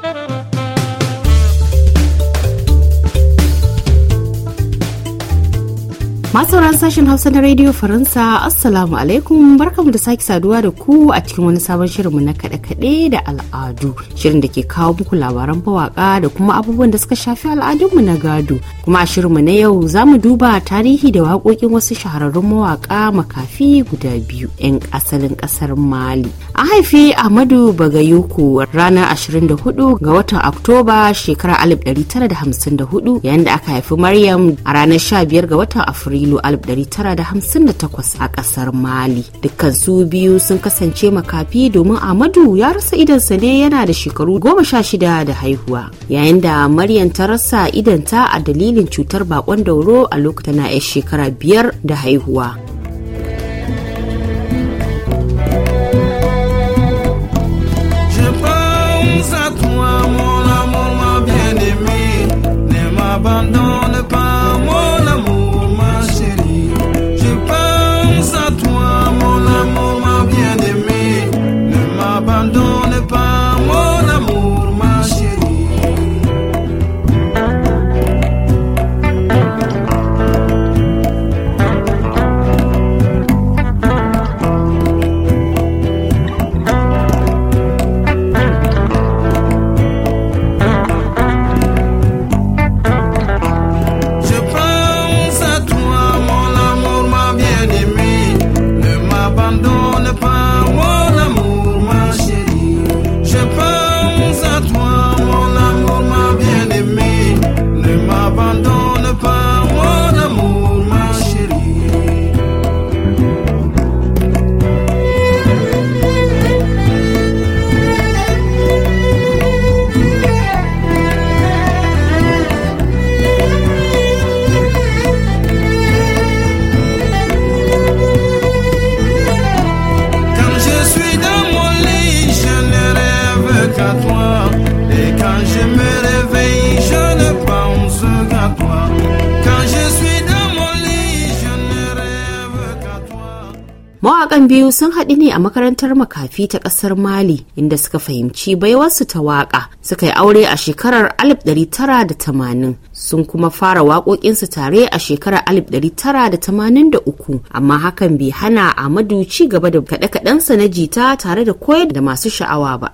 Thank you. Matsauran sashen Hausa na Radio Faransa, Assalamu alaikum barkamu da sake saduwa da ku a cikin wani sabon shirinmu na kaɗe-kaɗe da al'adu. Shirin da ke kawo muku labaran mawaƙa da kuma abubuwan da suka shafi al'adunmu na gado. Kuma a shirinmu na yau za mu duba tarihi da waƙoƙin wasu shahararrun mawaƙa makafi guda biyu 'yan asalin ƙasar Mali. A haifi Ahmadu Bagayoko ranar 24 ga watan Oktoba shekarar 1954 yayin da aka haifi Maryam a ranar sha biyar ga watan Afrilu. afrilu 1958 a kasar mali dukkan su biyu sun kasance makafi domin amadu ya rasa idansa ne yana da shekaru goma sha shida da haihuwa yayin da maryam ta rasa idanta a dalilin cutar bakon dauro a lokacin na ya shekara biyar da haihuwa abandon on the bond. haɗi ne a makarantar makafi ta ƙasar Mali inda suka fahimci baiwarsu ta waƙa. Suka yi aure a shekarar 1980 sun kuma fara waƙoƙinsu tare a shekarar 1983 amma hakan bai hana Amadu ci gaba da kaɗe-kaɗensa na jita tare da koyar da masu sha'awa ba.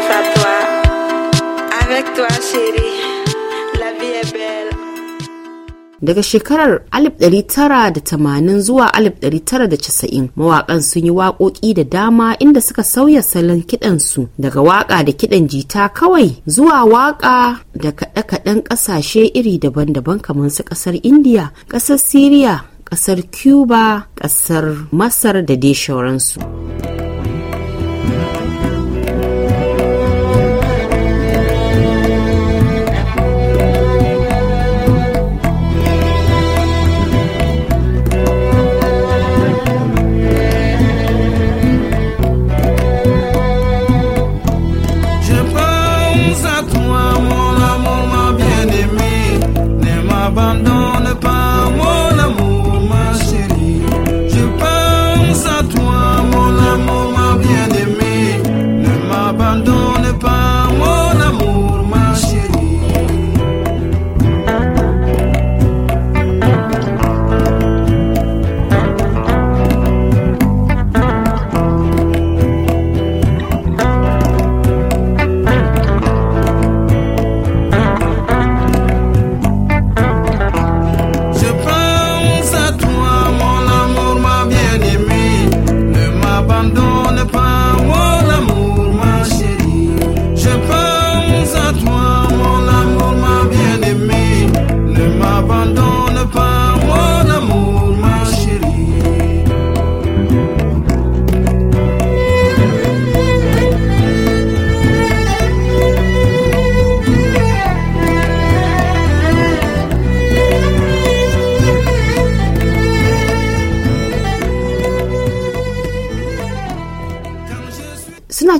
rêve à toi. Avec toi, chérie, la vie est belle. daga shekarar 1980 zuwa 1990 mawaƙan sun yi waƙoƙi da dama inda suka sauya salon kiɗansu daga waƙa da kiɗan jita kawai zuwa waƙa da kaɗe-kaɗen ƙasashe iri daban-daban kamar su ƙasar indiya ƙasar siriya ƙasar cuba ƙasar masar da dai shauransu.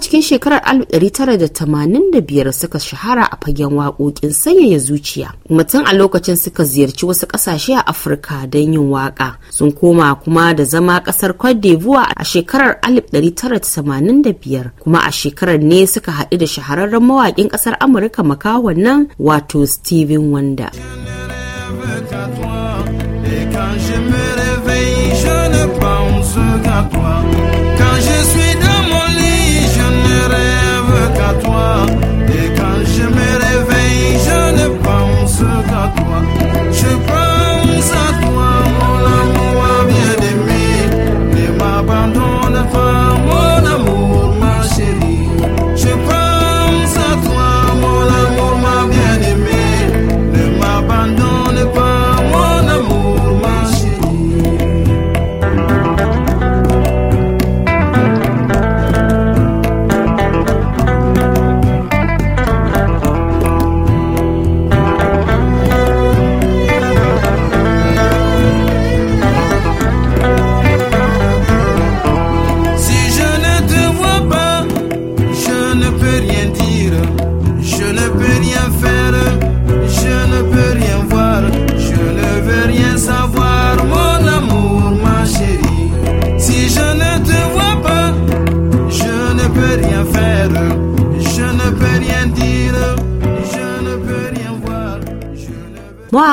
a cikin shekarar 1985 suka shahara a fagen waƙoƙin sanyaya zuciya kuma a lokacin suka ziyarci wasu ƙasashe a afirka don yin waƙa sun koma kuma da zama ƙasar cote d'ivoire a shekarar 1985 kuma a shekarar ne suka haɗu da shahararren mawaƙin ƙasar amurka makahon nan wato steven wonder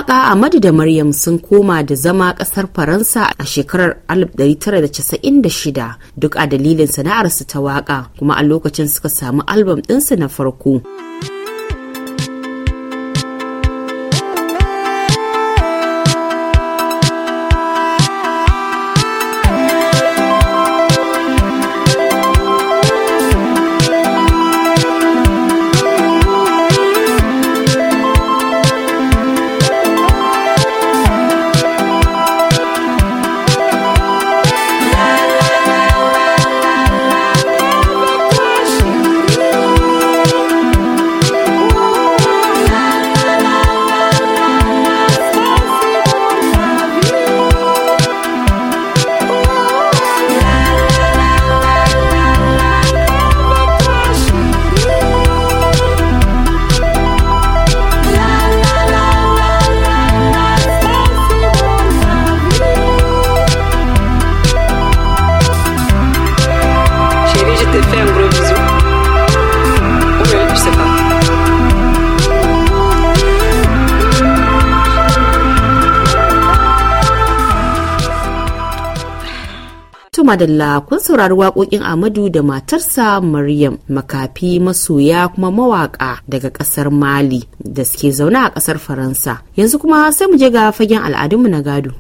Waƙa ahmadu da Maryam sun koma da zama kasar Faransa a shekarar 1996 duk a dalilin sana'arsu ta waka kuma a lokacin suka samu albam ɗinsu na farko. madalla kun saurari waƙoƙin Amadu da matarsa Maryam makafi masoya kuma mawaka daga ƙasar Mali da suke zaune a ƙasar Faransa. Yanzu kuma sai mu je ga fagen al'adunmu na gado.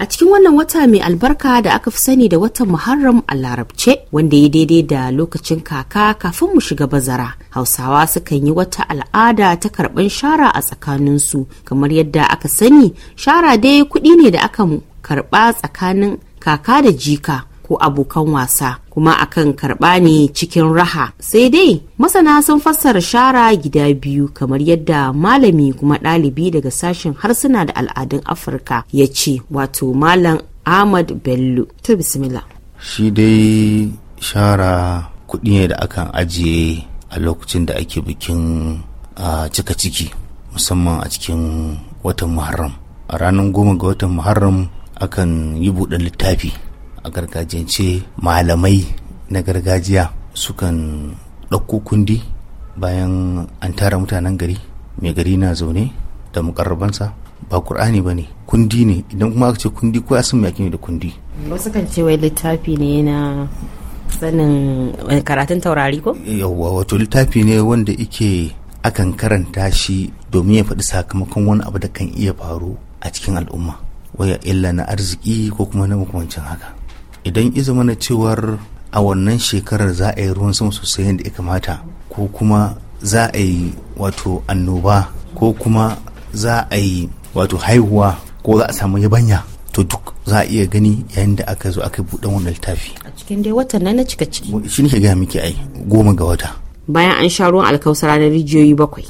A cikin wannan wata mai albarka da aka fi sani da watan Muharram a Larabce wanda ya daidai da lokacin kaka kafin mu shiga bazara. Hausawa sukan yi wata al'ada ta karɓan shara a tsakaninsu kamar yadda aka sani shara dai kuɗi ne da aka karɓa tsakanin kaka da jika ko abokan wasa kuma akan karɓa ne cikin raha sai dai masana sun fassara shara gida biyu kamar yadda malami kuma ɗalibi daga sashen harsuna da al'adun afirka ya ce wato malam ahmad bello ta bismillah shi dai shara kuɗi ne da akan ajiye a lokacin da ake bikin cika ciki musamman a cikin watan muharram a ranar goma ga watan muharram akan yi buɗe littafi a gargajiyance malamai na gargajiya sukan ɗauko kundi bayan an tara mutanen gari mai gari na zaune da mukarrabansa ba kur'ani ba ne kundi ne idan kuma aka ce kundi ko asin mai da kundi wasu kan ce wai littafi ne na sanin eh, karatun taurari ko yawwa wato littafi ne wanda ike akan karanta shi domin ya faɗi sakamakon wani abu da kan iya faru a cikin al'umma waya illa na arziki ko kuma na makamancin haka idan izo mana cewar a wannan shekarar za a yi ruwan sama sosai yadda ya kamata ko kuma za a yi wato annoba ko kuma za a yi wato haihuwa ko za a samu yabanya to duk za a iya gani yayin da aka zo aka buɗe wannan littafi a cikin dai watan nan na cika ciki shi ne ga miki ai goma ga wata bayan an sha ruwan alkausa ranar rijiyoyi bakwai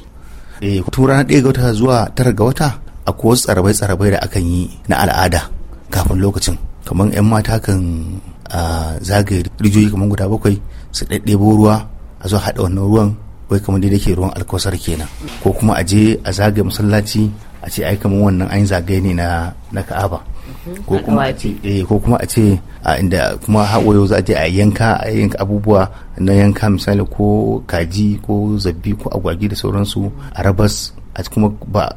eh tun ranar ɗaya ga wata zuwa tara ga wata akwai wasu tsarabai-tsarabai da akan yi na al'ada kafin lokacin kamar 'yan mata kan zagaye rijiyoyi kamar guda bakwai su ɗaɗɗebo ruwa a zo haɗa wannan ruwan wai kamar da ke ruwan alkosar kenan ko kuma a je a zagaye masallaci a ce ai kamar wannan an zagaye ne na ka'aba mhm. ko kuma a ce eh, ko kuma a ce a inda kuma yau za a je a yanka a yanka abubuwa na yanka misali ko kaji ko zabbi ko agwagi da sauransu a rabas a kuma ba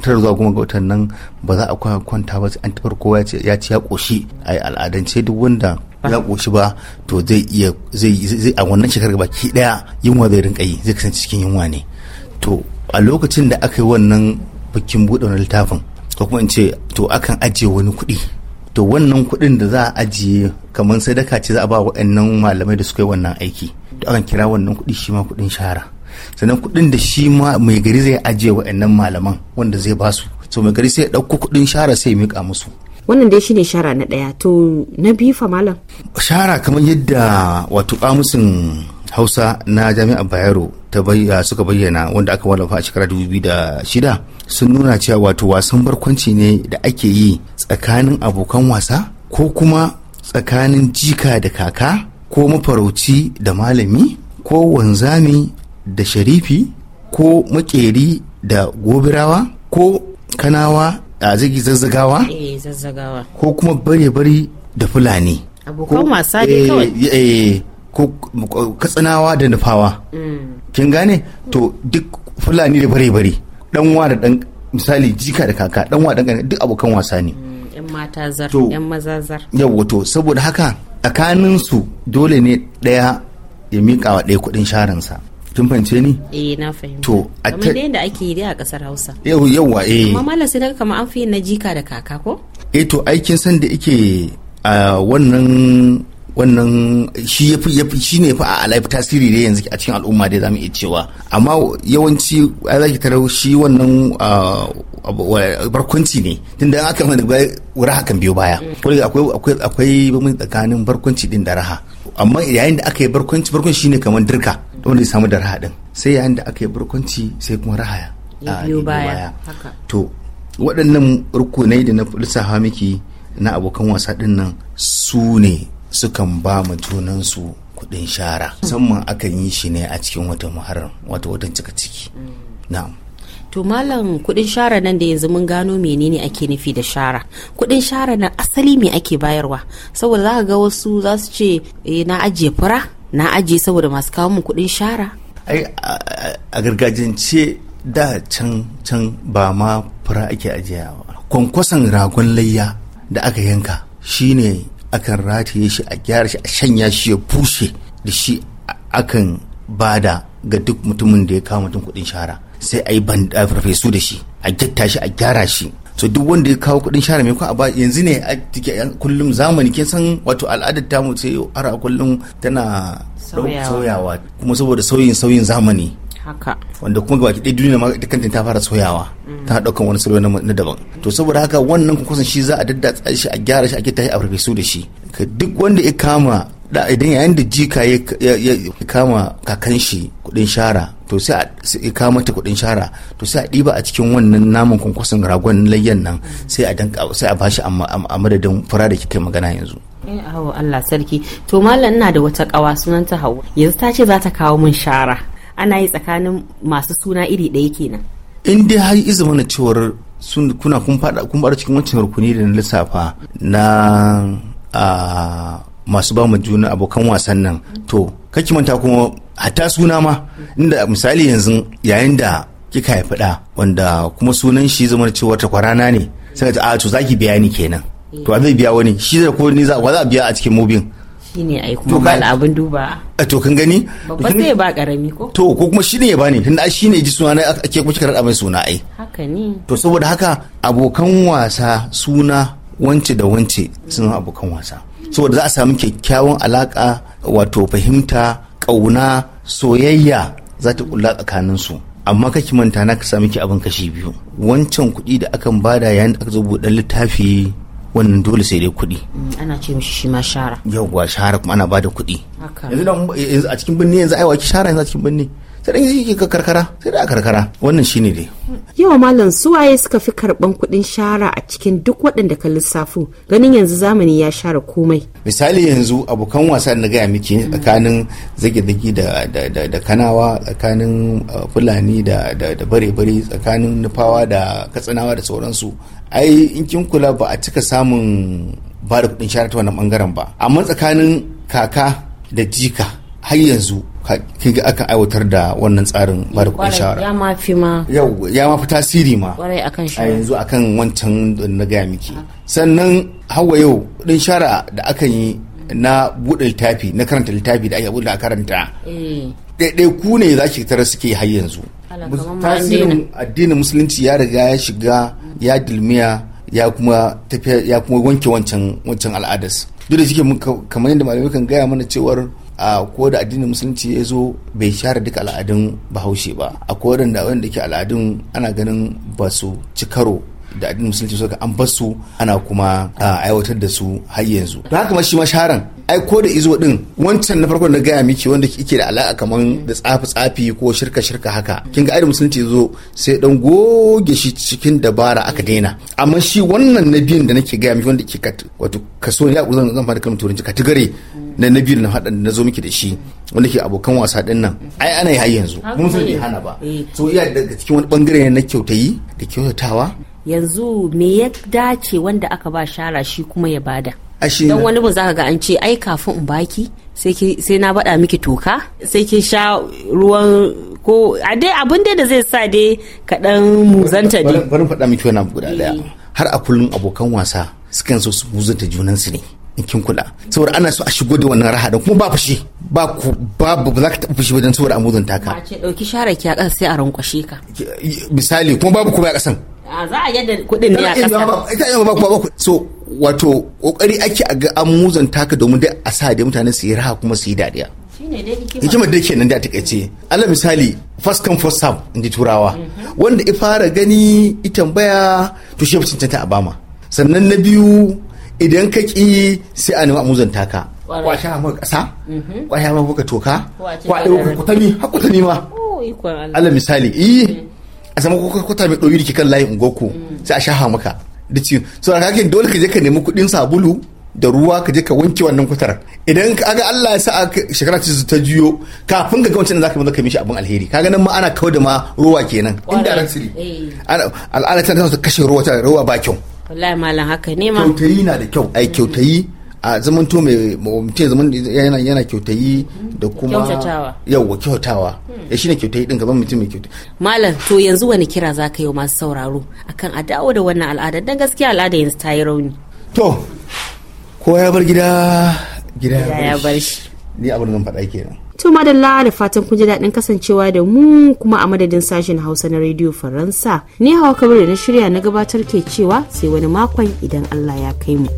tare zuwa goma ga watan nan ba za a kwanta ba an tabar kowa ya ci ya koshi a al'adance duk wanda ya koshi ba to zai iya zai a wannan shekarar baki daya yunwa zai rinka yi zai kasance cikin yunwa ne to a lokacin da aka yi wannan bikin buɗe wani littafin ko kuma in ce to akan ajiye wani kuɗi to wannan kuɗin da za a ajiye kamar sadaka ce za a ba waɗannan malamai da suka yi wannan aiki to akan kira wannan kuɗi shi ma kuɗin shara sannan kuɗin da shi ma mai gari zai ajiye wa'annan malaman wanda zai ba su so mai gari sai ya ɗauko kuɗin shara sai ya miƙa musu wannan dai shine shara na ɗaya to na biyu fa malam shara kamar yadda wato kamusin hausa na jami'ar bayero ta ah, suka bayyana wanda aka wallafa a shekara 2006 sun nuna cewa wato wasan barkwanci ne da ake yi tsakanin abokan wasa ko kuma tsakanin jika da kaka ko mafarauci da malami ko wanzami da sharifi ko makeri da gobirawa ko kanawa a zagi eh, zazzagawa ko kuma bare-bare da fulani eh, eh, ko katsinawa da nufawa mm. kin gane to duk fulani da bare-bare danwa da dan misali jika da kaka danwa da duk abokan wasa ne mm, yan mata zar yan maza zar to saboda haka tsakaninsu dole ne daya ya miƙa wa ɗaya kuɗin sharansa kin fance ni eh na fahimta to a kamar yadda ake yi a kasar Hausa yau yawa eh amma mallam sai daga kamar an fi na jika da kaka ko eh to aikin san da a wannan wannan shi shi ne fa a life tasiri ne yanzu a cikin al'umma dai zamu iya cewa amma yawanci ai zaki tarar shi wannan ah, barkwanci ne tunda aka mana raha kan biyo baya akwai akwai bambanci tsakanin barkwanci din da raha amma yayin da aka yi barkwanci barkwanci shine kamar dirka wanda ya samu da raha din sai yayin da aka yi barkwanci sai kuma raha ya ah, biyo baya to waɗannan rukunai da na lissafa miki na abokan wasa din nan su ne sukan ba mu junansu kuɗin shara musamman akan yi shi ne a cikin wata muharram wata watan cika ciki na'am to malam kudin shara nan da yanzu mun gano menene ake nufi da shara kudin shara nan asali me ake bayarwa saboda za ga wasu za su ce eh, na ajiye fura na ajiye saboda masu kawo mu kudin shara ai a gargajiyance da can can ba ma fura ake ajiyawa kwankwason ragon layya da aka yanka shine akan rataye shi a gyara shi a shanya shi ya bushe da shi akan bada ga duk mutumin da ya kawo mutum kuɗin shara sai a yi farfesu da shi a gyatta shi a gyara shi to duk wanda ya kawo kuɗin shara mai a ba yanzu ne a kullum zamani kin san wato al'adar tamu sai ara kullum tana sauyawa kuma saboda sauyin sauyin zamani haka wanda kuma gaba kiɗe duniya ma ita kanta ta fara soyawa ta ɗaukan wani salo na daban to saboda haka wannan kusan shi za a daddatsa shi a gyara shi a kita a farfesu da shi duk wanda ya kama da idan yayin da jika ya kama kakan shi kudin shara to sai a kama ta kudin shara to sai a ɗiba a cikin wannan naman kwankwason ragon layyan nan sai a sai a bashi a madadin fura da kika magana yanzu eh Allah sarki to malam ina da wata kawa sunanta Hauwa yanzu ta ce za ta kawo mun shara ana yi tsakanin masu suna iri ɗaya kenan in dai har yi zama cewar sun kuna kun fada kun cikin wancan rukuni da na lissafa na a masu ba mu juna abokan wasan nan to kake manta kuma hatta suna ma inda misali yanzu yayin da kika haifi da wanda kuma sunan shi zama cewa ta na ne sai ka ce a ah, to zaki biya ni kenan eh. to a zai biya wani shi da ko ni za a biya a cikin mobin shine ai kuma mal abin duba a to kan gani babba sai ba karami ko to ko kuma shine ya bani tunda shine ji suna na ake kuma kika abin mai suna ai haka ne to saboda haka abokan wasa suna wance da wance sun abokan wasa saboda za a samu kyakkyawan alaka wato fahimta kauna soyayya za ta tsakanin su amma ki manta na ka sami ki abin kashi biyu wancan kuɗi da akan bada yayin da aka zo buɗe littafi wannan dole sai dai kuɗi mm, ana ce mishi shi ma shara yawwa shara kuma ana bada kuɗi yanzu a cikin birni yanzu aiwa ki shara yanzu a cikin birni sai dai yake ka karkara sai da karkara wannan shine dai yawa malam suwaye suka fi karban kuɗin shara a cikin duk waɗanda ka lissafu ganin yanzu zamani ya share komai misali yanzu abokan wasa na gaya miki tsakanin zage-zage da kanawa tsakanin uh, fulani da bare-bare tsakanin nufawa da katsinawa da sauransu ai in kin kula ba a cika samun ba da kuɗin shara ta wannan bangaren ba amma tsakanin kaka da jika har yanzu kiga aka aiwatar da wannan tsarin ba da kuɗin shawara ya ma tasiri ma a yanzu akan wancan na gaya miki sannan hawa yau kudin shara da aka yi na buɗe littafi na karanta littafi da ake buɗe a karanta eh. ku ne za ki tara suke har yanzu tasirin addinin musulunci ya riga ya shiga ya dilmiya ya kuma ya wanke wancan wancan al'adas duk da shike kamar yadda malamai kan gaya mana cewar a ko da addinin musulunci ya zo bai share duka al'adun bahaushe ba a ko da wanda ke al'adun ana ganin ba su ci karo da addinin musulunci suka an basu ana kuma aiwatar da su har yanzu don haka ma shi ma sharan ai ko da izo din wancan na farko na gaya miki wanda kike da alaka kaman da tsafi tsafi ko shirka shirka haka kin ga ai musulunci zo sai dan goge shi cikin dabara aka daina amma shi wannan na biyun da nake gaya miki wanda ke wato kaso ne ku zan zan fara kalmar turanci kategori na na biyun na hadan na zo miki da shi wanda ke abokan wasa din nan ai ana yi har yanzu mun san bai hana ba eh. so iya daga cikin wani bangare na kyautayi da kyautatawa yanzu me ya dace wanda aka ba shara shi kuma ya bada don wani mun za ka ga an ce ai kafin in baki sai na bada miki toka sai ki sha ruwan ko a dai abin dai da zai sa dai kaɗan muzanta dai bari faɗa miki wani abu guda daya eh. har a kullum abokan wasa sukan so su muzanta junansu ne in kin kula saboda ana so a shigo da wannan raha kuma ba fushi ba ku babu ba za ka taɓa fushi wajen saboda a muzanta ka ce ɗauki share ki a ƙasa sai a rankwashe ka misali kuma babu kuma a ƙasan za a yadda kuɗin ne a kasa so wato kokari ake a ga an muzanta ka domin dai a sa da mutane su yi raha kuma su yi dadiya hikimar da ke nan da takaice ala misali first come first serve in ji turawa wanda ya fara gani ita baya to sannan na biyu idan ka sai a misali eh, mm. a ko ko kwata mai ɗoyi da ke kan layin ungoku sai a shaha maka da ciwo so a kakin dole ka je ka nemi kuɗin sabulu da ruwa ka je ka wanke wannan kutar idan kaga Allah ya sa shekara ta ta juyo kafin ka gama wancan da zaka maza ka mishi abin alheri kaga nan ma ana kawo da ma ruwa kenan indirectly eh. al'ada ta kashe ruwa ta ruwa ba kyau wallahi malam haka ne ma kyautayi na da kyau ai kyautayi a zamanto mai mutum zaman yana yana kyautayi da kuma kyautatawa yawa kyautawa ya hmm. eh, shine kyautayi din gaban mutum mai kyautayi malam to yanzu wani kira za ka yi masu sauraro akan a dawo da wannan al'ada dan gaskiya al'ada yanzu ta yi rauni to ko ya bar gida gida ya bar shi ni abin zan faɗa kenan to madalla da fatan kun ji daɗin kasancewa da mu kuma a madadin sashen hausa na rediyo faransa ni hawa kabir da na shirya na gabatar ke cewa sai wani makon idan allah ya kai mu.